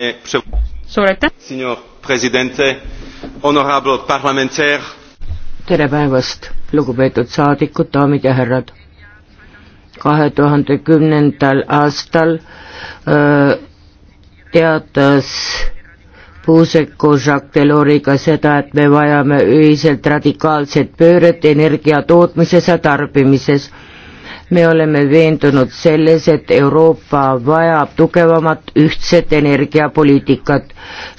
Eh, suur aitäh! tere päevast, lugupeetud saadikud, daamid ja härrad! kahe tuhande kümnendal aastal öö, äh, teatas Puuseku Jacques Deloriga seda, et me vajame ühiselt radikaalset pööret energia tootmises ja tarbimises me oleme veendunud selles, et Euroopa vajab tugevamat ühtset energiapoliitikat.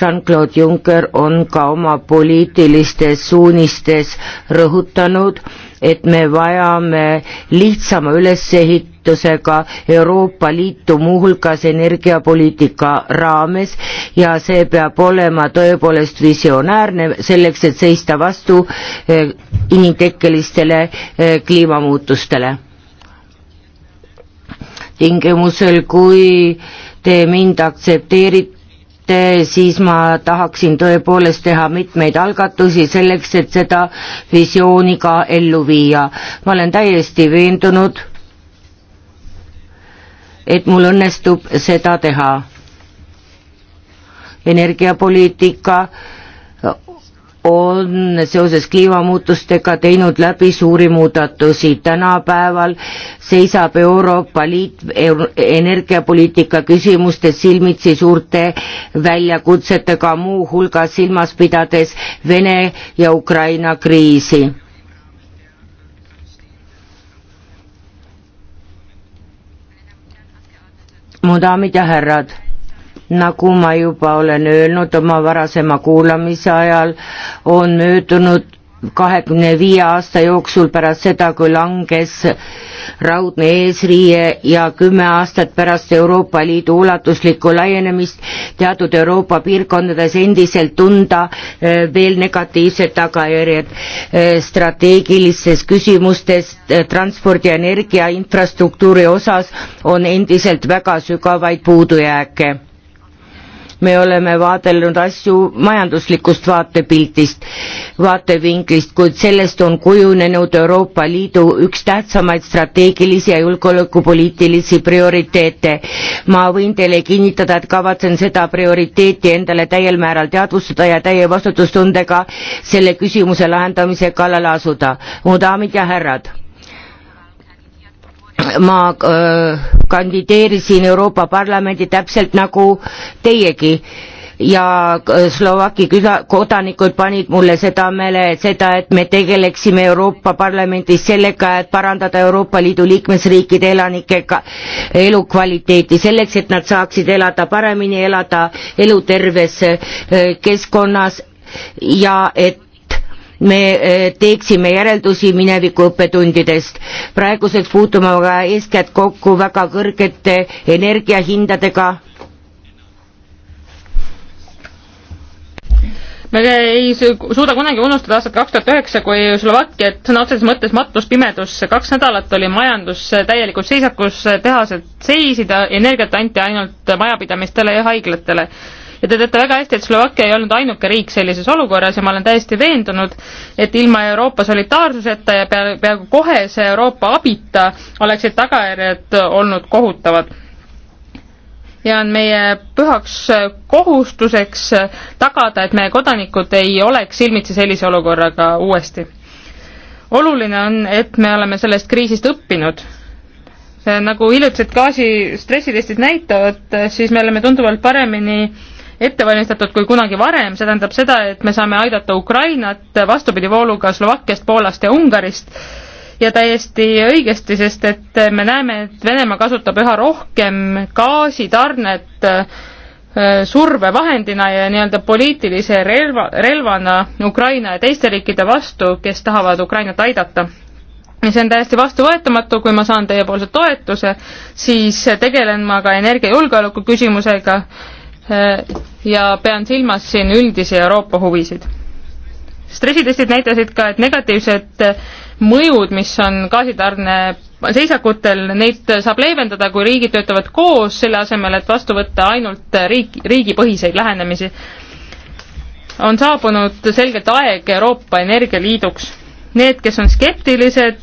Jean-Claude Juncker on ka oma poliitilistes suunistes rõhutanud, et me vajame lihtsama ülesehitusega Euroopa Liitu muuhulgas energiapoliitika raames ja see peab olema tõepoolest visionäärne selleks, et seista vastu eh, inimtekkelistele eh, kliimamuutustele tingimusel, kui te mind aktsepteerite, siis ma tahaksin tõepoolest teha mitmeid algatusi selleks, et seda visiooni ka ellu viia. ma olen täiesti veendunud, et mul õnnestub seda teha. energiapoliitika on seoses kliimamuutustega teinud läbi suuri muudatusi. tänapäeval seisab Euroopa Liit energiapoliitika küsimustes silmitsi suurte väljakutsetega, muuhulgas silmas pidades Vene ja Ukraina kriisi. mu daamid ja härrad nagu ma juba olen öelnud oma varasema kuulamise ajal, on möödunud kahekümne viie aasta jooksul pärast seda, kui langes raudne eesriie ja kümme aastat pärast Euroopa Liidu ulatuslikku laienemist teatud Euroopa piirkondades endiselt tunda eh, veel negatiivsed tagajärjed eh, strateegilistes küsimustes eh, transpordi, energia, infrastruktuuri osas on endiselt väga sügavaid puudujääke me oleme vaadelnud asju majanduslikust vaatepiltist, vaatevinklist, kuid sellest on kujunenud Euroopa Liidu üks tähtsamaid strateegilisi ja julgeolekupoliitilisi prioriteete. ma võin teile kinnitada, et kavatsen seda prioriteeti endale täiel määral teadvustada ja täie vastutustundega selle küsimuse lahendamise kallale asuda. mu daamid ja härrad ma öö, kandideerisin Euroopa Parlamendi täpselt nagu teiegi ja Slovaki küla, kodanikud panid mulle seda meele, et seda, et me tegeleksime Euroopa Parlamendis sellega, et parandada Euroopa Liidu liikmesriikide elanike elukvaliteeti, selleks, et nad saaksid elada paremini, elada eluterves keskkonnas ja et me eh, teeksime järeldusi mineviku õppetundidest. praeguseks puutume aga eeskätt kokku väga kõrgete energiahindadega. me ei suuda kunagi unustada aastat kaks tuhat üheksa, kui Slovakkiat sõna otseses mõttes matus pimedusse, kaks nädalat oli majandus täielikus seisakus, tehased seisid, energiat anti ainult majapidamistele ja haiglatele ja te teate väga hästi, et Slovakkia ei olnud ainuke riik sellises olukorras ja ma olen täiesti veendunud, et ilma Euroopa solidaarsuseta ja pea, peaaegu kohese Euroopa abita oleksid tagajärjed olnud kohutavad ja on meie pühaks kohustuseks tagada, et meie kodanikud ei oleks silmitsi sellise olukorraga uuesti. oluline on, et me oleme sellest kriisist õppinud. nagu hiljutised gaasi stressitestid näitavad, siis me oleme tunduvalt paremini ette valmistatud kui kunagi varem, see tähendab seda, et me saame aidata Ukrainat vastupidivooluga Slovakkiast, Poolast ja Ungarist ja täiesti õigesti, sest et me näeme, et Venemaa kasutab üha rohkem gaasitarnet äh, survevahendina ja nii-öelda poliitilise relva, relvana Ukraina ja teiste riikide vastu, kes tahavad Ukrainat aidata ja see on täiesti vastuvõetamatu, kui ma saan teiepoolse toetuse, siis tegelen ma ka energiajulgeoleku küsimusega Äh, ja pean silmas siin üldisi Euroopa huvisid. stressitestid näitasid ka, et negatiivsed äh, mõjud, mis on gaasitarne seisakutel, neid saab leevendada, kui riigid töötavad koos, selle asemel, et vastu võtta ainult riik, riigipõhiseid lähenemisi. on saabunud selgelt aeg Euroopa Energialiiduks. Need, kes on skeptilised,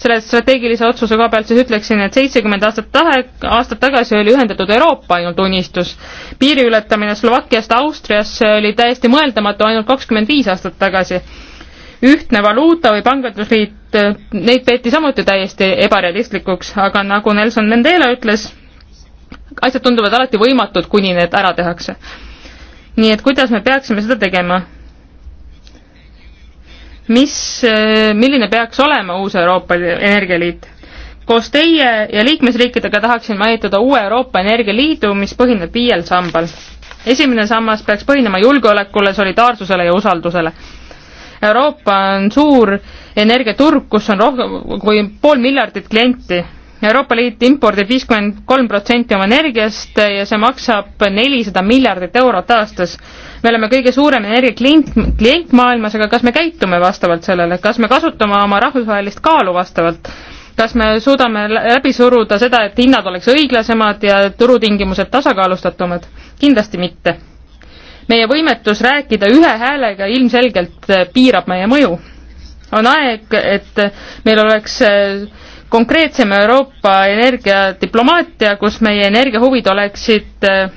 selle strateegilise otsuse koha pealt siis ütleksin, et seitsekümmend aastat tahe, aastat tagasi oli ühendatud Euroopa ainult unistus. piiri ületamine Slovakkiast Austriasse oli täiesti mõeldamatu ainult kakskümmend viis aastat tagasi. ühtne valuuta või pangandusliit, neid peeti samuti täiesti ebarealistlikuks, aga nagu Nelson Mandela ütles, asjad tunduvad alati võimatud, kuni need ära tehakse. nii et kuidas me peaksime seda tegema? mis, äh, milline peaks olema uus Euroopa Energialiit. koos teie ja liikmesriikidega tahaksin ma ehitada uue Euroopa Energialiidu, mis põhineb viiel sambal. esimene sammas peaks põhinema julgeolekule, solidaarsusele ja usaldusele. Euroopa on suur energiaturg, kus on rohkem kui pool miljardit klienti Euroopa Liit impordib viiskümmend kolm protsenti oma energiast ja see maksab nelisada miljardit eurot aastas. me oleme kõige suurem energiaklient, klient maailmas, aga kas me käitume vastavalt sellele, kas me kasutame oma rahvusvahelist kaalu vastavalt? kas me suudame läbi suruda seda, et hinnad oleks õiglasemad ja turutingimused tasakaalustatumad? kindlasti mitte. meie võimetus rääkida ühe häälega ilmselgelt piirab meie mõju. on aeg, et meil oleks äh, konkreetsem Euroopa energiadiplomaatia, kus meie energiahuvid oleksid äh,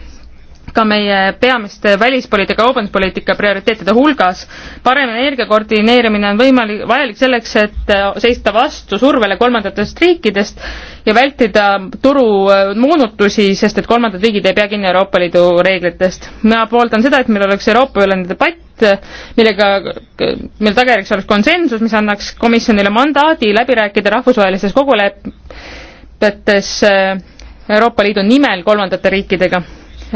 ka meie peamiste välispoliitika, kaubanduspoliitika prioriteetide hulgas. parem energia koordineerimine on võimalik, vajalik selleks, et äh, seista vastu survele kolmandatest riikidest ja vältida turu äh, moonutusi, sest et kolmandad riigid ei pea kinni Euroopa Liidu reeglitest. mina pooldan seda, et meil oleks Euroopa ülene debatt, äh, millega, mille tagajärjeks oleks konsensus, mis annaks komisjonile mandaadi läbi rääkida rahvusvahelistes kokkulepetes Euroopa Liidu nimel kolmandate riikidega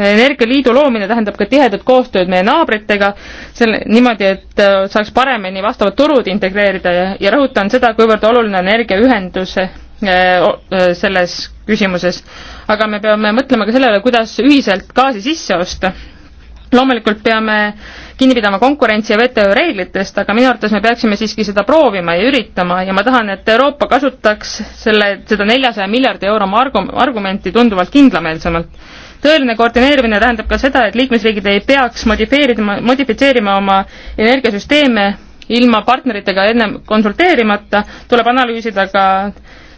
energialiidu loomine tähendab ka tihedat koostööd meie naabritega, selle, niimoodi, et äh, saaks paremini vastavad turud integreerida ja, ja rõhutan seda, kuivõrd oluline on energiaühendus äh, äh, selles küsimuses. aga me peame mõtlema ka sellele, kuidas ühiselt gaasi sisse osta loomulikult peame kinni pidama konkurentsi ja WTO reeglitest, aga minu arvates me peaksime siiski seda proovima ja üritama ja ma tahan, et Euroopa kasutaks selle, seda neljasaja miljardi euro argu-, argumenti tunduvalt kindlameelsemalt tõeline koordineerimine tähendab ka seda, et liikmesriigid ei peaks modifeerima, modifitseerima oma energiasüsteeme ilma partneritega ennem konsulteerimata, tuleb analüüsida ka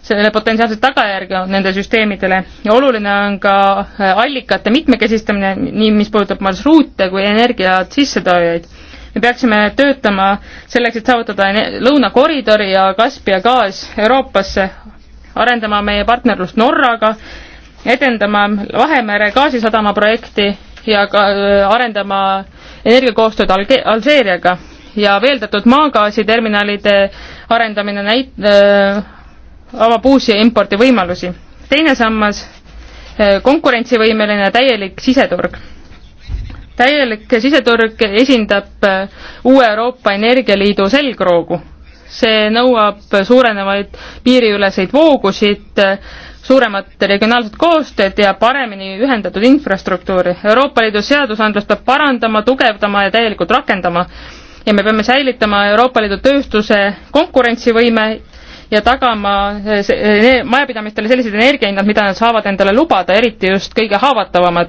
selle potentsiaalseid tagajärge nende süsteemidele ja oluline on ka äh, allikate mitmekesistamine, nii mis puudutab marsruute kui energiat sissetoojaid. me peaksime töötama selleks, et saavutada lõunakoridori ja Kaspia gaas Euroopasse, arendama meie partnerlust Norraga edendama Vahemere gaasisadama projekti ja ka arendama energiakoostööd Alge-, Alžeeriaga ja veeldatud maagaasiterminalide arendamine näit- äh,, avab uusi impordivõimalusi. teine sammas äh,, konkurentsivõimeline täielik siseturg. täielik siseturg esindab äh, uue Euroopa Energialiidu selgroogu see nõuab suurenevaid piiriüleseid voogusid, suuremat regionaalset koostööd ja paremini ühendatud infrastruktuuri. Euroopa Liidu seadusandlust peab parandama, tugevdama ja täielikult rakendama. ja me peame säilitama Euroopa Liidu tööstuse konkurentsivõime ja tagama eh, majapidamistele sellised energiahinnad, mida nad saavad endale lubada, eriti just kõige haavatavamad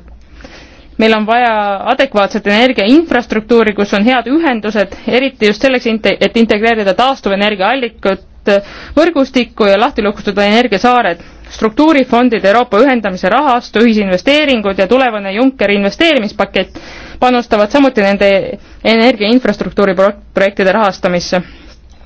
meil on vaja adekvaatset energiainfrastruktuuri, kus on head ühendused, eriti just selleks, et integreerida taastuvenergiaallikat äh, võrgustikku ja lahti lukustada energiasaared. struktuurifondid, Euroopa ühendamise rahastu, ühisinvesteeringud ja tulevane Junckeri investeerimispakett panustavad samuti nende energiainfrastruktuuri pro projektide rahastamisse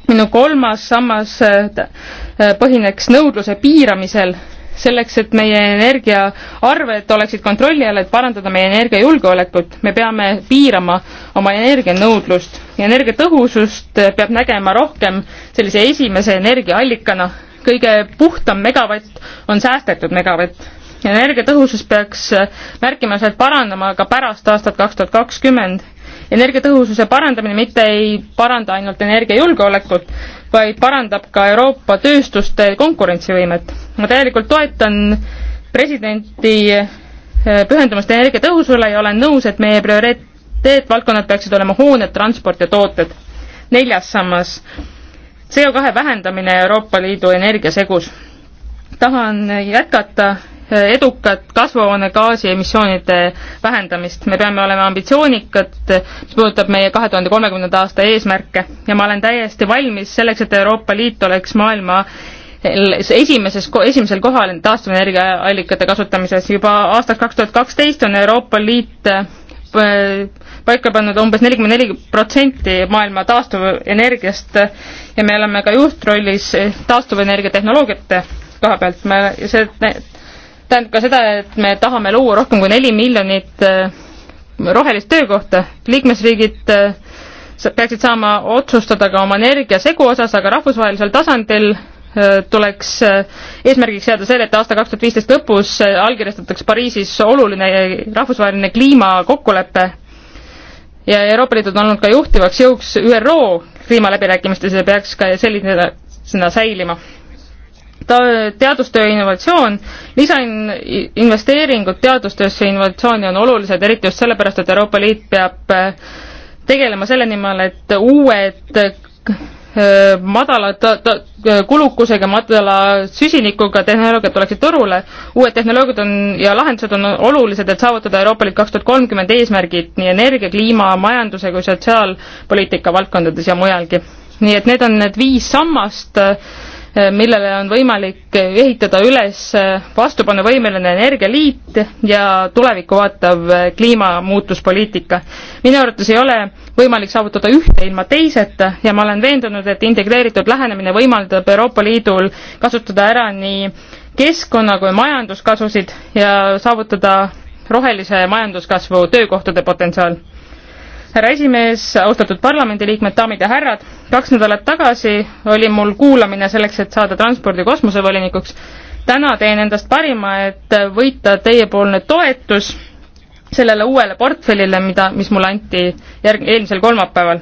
minu kolmas sammas äh, äh, põhineks nõudluse piiramisel selleks, et meie energiaarved oleksid kontrolli all, et parandada meie energiajulgeolekut, me peame piirama oma energianõudlust. energiatõhusust peab nägema rohkem sellise esimese energiaallikana. kõige puhtam megavatt on säästetud megavatt. energiatõhusus peaks märkimisväärselt parandama ka pärast aastat kaks tuhat kakskümmend energiatõhususe parandamine mitte ei paranda ainult energiajulgeolekut, vaid parandab ka Euroopa tööstuste konkurentsivõimet. ma täielikult toetan presidenti eh, pühendumast energiatõhusule ja olen nõus, et meie prioriteetvaldkonnad peaksid olema hooned, transport ja tooted. neljas sammas, CO2 vähendamine Euroopa Liidu energiasegus. tahan jätkata edukat kasvuhoonegaasi emissioonide vähendamist. me peame olema ambitsioonikad, mis puudutab meie kahe tuhande kolmekümnenda aasta eesmärke ja ma olen täiesti valmis selleks, et Euroopa Liit oleks maailma esimeses, esimesel kohal taastuvenergiaallikate kasutamises. juba aastaks kaks tuhat kaksteist on Euroopa Liit äh, paika pannud umbes nelikümmend neli protsenti maailma taastuvenergiast ja me oleme ka juhtrollis taastuvenergia tehnoloogiate koha pealt. me, see tähendab ka seda, et me tahame luua rohkem kui neli miljonit äh, rohelist töökohta. liikmesriigid äh, peaksid saama otsustada ka oma energiasegu osas, aga rahvusvahelisel tasandil äh, tuleks eesmärgiks seada selle, et aasta kaks tuhat viisteist lõpus allkirjastatakse Pariisis oluline rahvusvaheline kliimakokkulepe ja Euroopa Liidud on olnud ka juhtivaks jõuks ÜRO kliimaläbirääkimistes ja peaks ka sellisena säilima ta-, teadustöö innovatsioon, lisainvesteeringud teadustöösse innovatsiooni on olulised, eriti just sellepärast, et Euroopa Liit peab äh, tegelema selle nimel, et uued äh, madala ta-, ta-, kulukusega, madala süsinikuga tehnoloogiad tuleksid turule, uued tehnoloogiad on ja lahendused on olulised, et saavutada Euroopa Liit kaks tuhat kolmkümmend eesmärgid nii energia, kliima, majanduse kui sotsiaalpoliitika valdkondades ja mujalgi. nii et need on need viis sammast äh,, millele on võimalik ehitada üles vastupanuvõimeline energialiit ja tulevikku vaatav kliimamuutuspoliitika. minu arvates ei ole võimalik saavutada ühte ilma teiseta ja ma olen veendunud, et integreeritud lähenemine võimaldab Euroopa Liidul kasutada ära nii keskkonna kui majanduskasusid ja saavutada rohelise majanduskasvu töökohtade potentsiaal härra esimees, austatud parlamendiliikmed, daamid ja härrad, kaks nädalat tagasi oli mul kuulamine selleks, et saada transpordi kosmosevolinikuks. täna teen endast parima, et võita teiepoolne toetus sellele uuele portfellile, mida, mis mulle anti järg-, eelmisel kolmapäeval.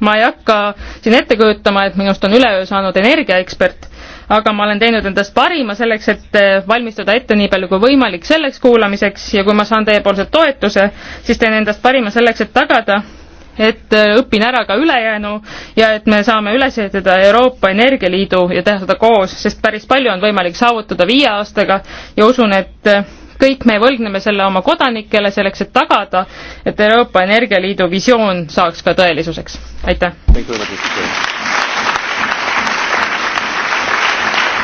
ma ei hakka siin ette kujutama, et minust on üleöö saanud energiaekspert aga ma olen teinud endast parima selleks, et eh, valmistuda ette nii palju kui võimalik selleks kuulamiseks ja kui ma saan teiepoolse toetuse, siis teen endast parima selleks, et tagada, et eh, õpin ära ka ülejäänu ja et me saame üles ehitada Euroopa Energialiidu ja teha seda koos, sest päris palju on võimalik saavutada viie aastaga ja usun, et eh, kõik me võlgneme selle oma kodanikele selleks, et tagada, et Euroopa Energialiidu visioon saaks ka tõelisuseks. aitäh!